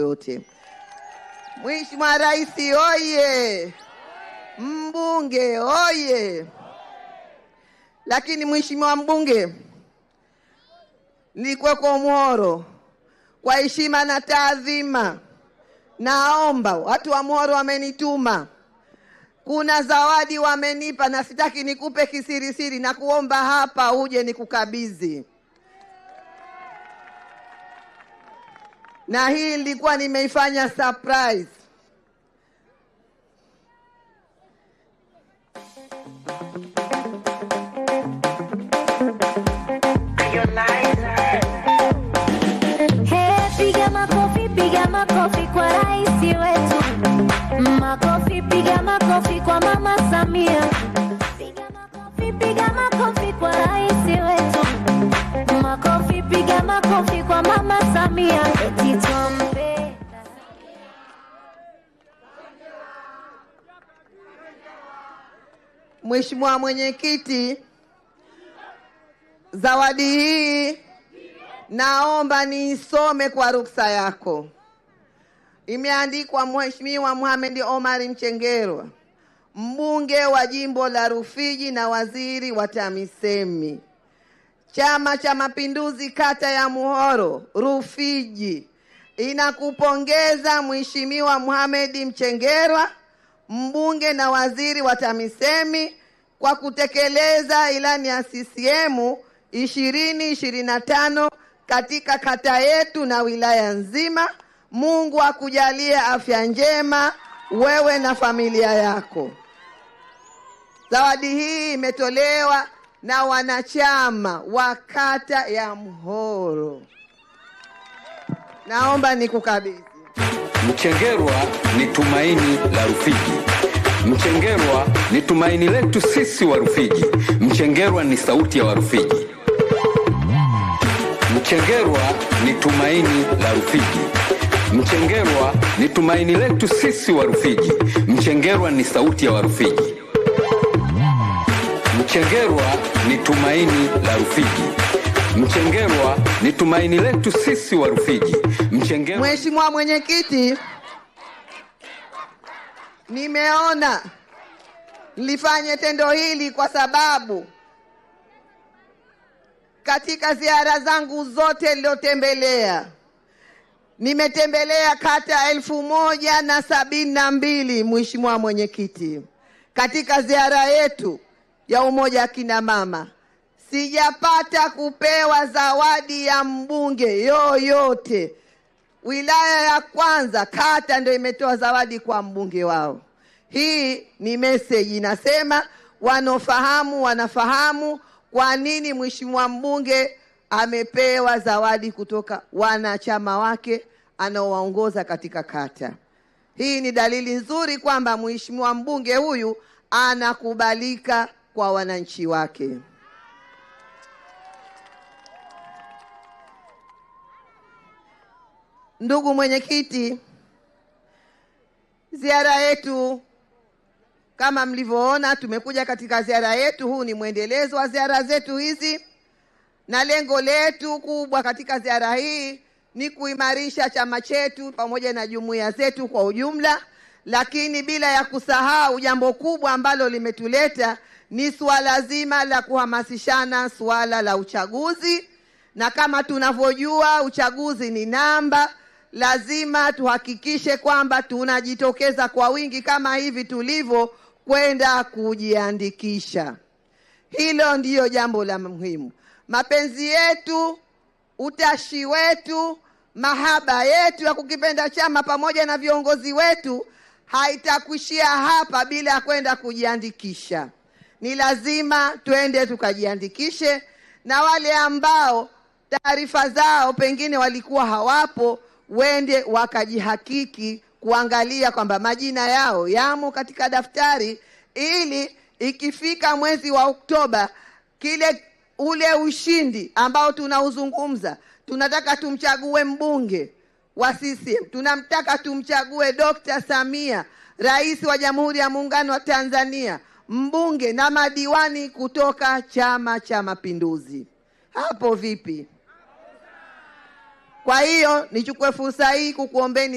yote. Mheshimiwa Rais oye! Mbunge oye! Lakini mheshimiwa mbunge, kwa mhoro kwa heshima na taadhima, naomba watu wa mhoro wamenituma, kuna zawadi wamenipa, na sitaki nikupe kisirisiri, na kuomba hapa uje nikukabidhi. na hii nilikuwa nimeifanya surprise. Hey, piga makofi, piga makofi. Jamani, piga makofi kwa Mama Samia eti tumpe Mheshimiwa Mwenyekiti, zawadi hii naomba niisome kwa ruksa yako. Imeandikwa Mheshimiwa Mohamed Omar Mchengerwa, mbunge wa jimbo la Rufiji na waziri wa TAMISEMI. Chama cha Mapinduzi kata ya Muhoro Rufiji inakupongeza Mheshimiwa Mohamed Mchengerwa, mbunge na waziri wa TAMISEMI kwa kutekeleza ilani ya CCM 2025 katika kata yetu na wilaya nzima. Mungu akujalie afya njema wewe na familia yako. Zawadi hii imetolewa na wanachama wa kata ya Mhoro. Naomba nikukabidhi. Mchengerwa ni tumaini la Rufiji. Mchengerwa ni tumaini letu sisi rufiji Mchengerwa ni sauti ya Warufiji. Mchengerwa ni tumaini la Rufiji. Mchengerwa ni tumaini letu sisi wa rufiji Mchengerwa ni sauti ya Warufiji. Mchengerwa ni tumaini la Rufiji. Mchengerwa ni tumaini letu sisi wa Rufiji. Mchengerwa. Mheshimiwa Mwenyekiti, nimeona nilifanye tendo hili kwa sababu katika ziara zangu zote niliotembelea nimetembelea kata elfu moja na sabini na mbili. Mheshimiwa Mwenyekiti, katika ziara yetu ya umoja akina mama, sijapata kupewa zawadi ya mbunge yoyote. Wilaya ya kwanza kata ndio imetoa zawadi kwa mbunge wao. Hii ni meseji inasema, wanaofahamu wanafahamu kwa nini mheshimiwa mbunge amepewa zawadi kutoka wanachama wake anaowaongoza katika kata. Hii ni dalili nzuri kwamba mheshimiwa mbunge huyu anakubalika kwa wananchi wake. Ndugu mwenyekiti, ziara yetu kama mlivyoona, tumekuja katika ziara yetu. Huu ni mwendelezo wa ziara zetu hizi, na lengo letu kubwa katika ziara hii ni kuimarisha chama chetu pamoja na jumuiya zetu kwa ujumla, lakini bila ya kusahau jambo kubwa ambalo limetuleta ni suala zima la kuhamasishana suala la uchaguzi, na kama tunavyojua uchaguzi ni namba, lazima tuhakikishe kwamba tunajitokeza kwa wingi kama hivi tulivyo kwenda kujiandikisha. Hilo ndiyo jambo la muhimu. Mapenzi yetu, utashi wetu, mahaba yetu ya kukipenda chama pamoja na viongozi wetu haitakuishia hapa bila ya kwenda kujiandikisha ni lazima twende tukajiandikishe, na wale ambao taarifa zao pengine walikuwa hawapo, wende wakajihakiki kuangalia kwamba majina yao yamo katika daftari, ili ikifika mwezi wa Oktoba, kile ule ushindi ambao tunauzungumza, tunataka tumchague mbunge wa CCM, tunamtaka tumchague Dr. Samia, rais wa Jamhuri ya Muungano wa Tanzania mbunge na madiwani kutoka Chama cha Mapinduzi. Hapo vipi? Kwa hiyo nichukue fursa hii kukuombeni